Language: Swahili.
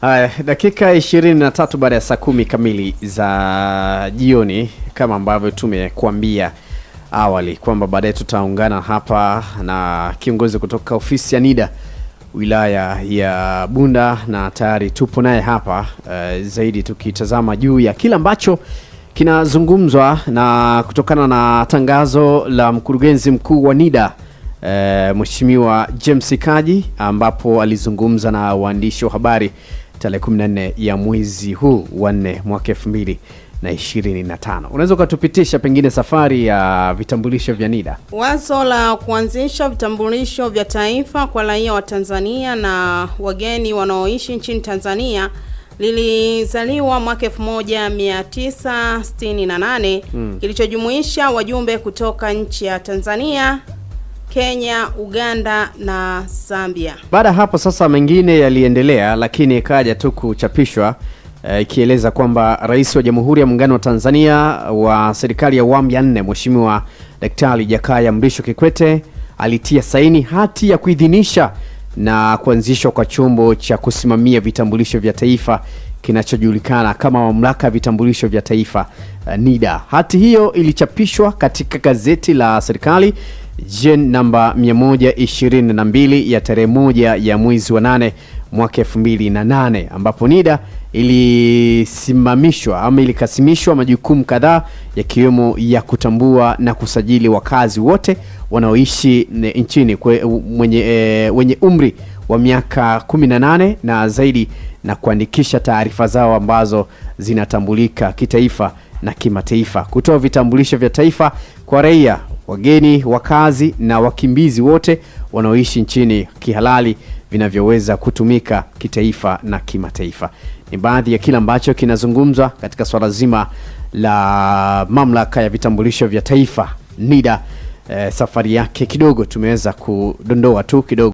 Haya, dakika ishirini na tatu baada ya saa kumi kamili za jioni, kama ambavyo tumekuambia awali kwamba baadaye tutaungana hapa na kiongozi kutoka ofisi ya NIDA wilaya ya Bunda, na tayari tupo naye hapa uh, zaidi tukitazama juu ya kile ambacho kinazungumzwa na kutokana na tangazo la mkurugenzi mkuu wa NIDA E, Mheshimiwa James Kaji ambapo alizungumza na waandishi wa habari tarehe 14 ya mwezi huu wa 4 mwaka 2025. Unaweza ukatupitisha pengine safari ya vitambulisho vya NIDA? Wazo la kuanzisha vitambulisho vya taifa kwa raia wa Tanzania na wageni wanaoishi nchini Tanzania lilizaliwa mwaka 1968 hmm, kilichojumuisha wajumbe kutoka nchi ya Tanzania Kenya, Uganda na Zambia. Baada ya hapo sasa mengine yaliendelea, lakini ikaja tu kuchapishwa eh, ikieleza e, kwamba Rais wa Jamhuri ya Muungano wa Tanzania wa serikali ya awamu ya nne Mheshimiwa Daktari Jakaya Mrisho Kikwete alitia saini hati ya kuidhinisha na kuanzishwa kwa chombo cha kusimamia vitambulisho vya taifa kinachojulikana kama Mamlaka ya Vitambulisho vya Taifa, eh, NIDA. Hati hiyo ilichapishwa katika gazeti la serikali jen namba 122 ya tarehe moja ya mwezi wa nane mwaka 28 ambapo NIDA ilisimamishwa ama ilikasimishwa majukumu kadhaa yakiwemo ya kutambua na kusajili wakazi wote wanaoishi nchini kwe, mwenye, e, wenye umri wa miaka 18 na zaidi na kuandikisha taarifa zao ambazo zinatambulika kitaifa na kimataifa, kutoa vitambulisho vya taifa kwa raia wageni wakazi na wakimbizi wote wanaoishi nchini kihalali vinavyoweza kutumika kitaifa na kimataifa. Ni baadhi ya kile ambacho kinazungumzwa katika swala zima la mamlaka ya vitambulisho vya taifa NIDA. Eh, safari yake kidogo tumeweza kudondoa tu kidogo.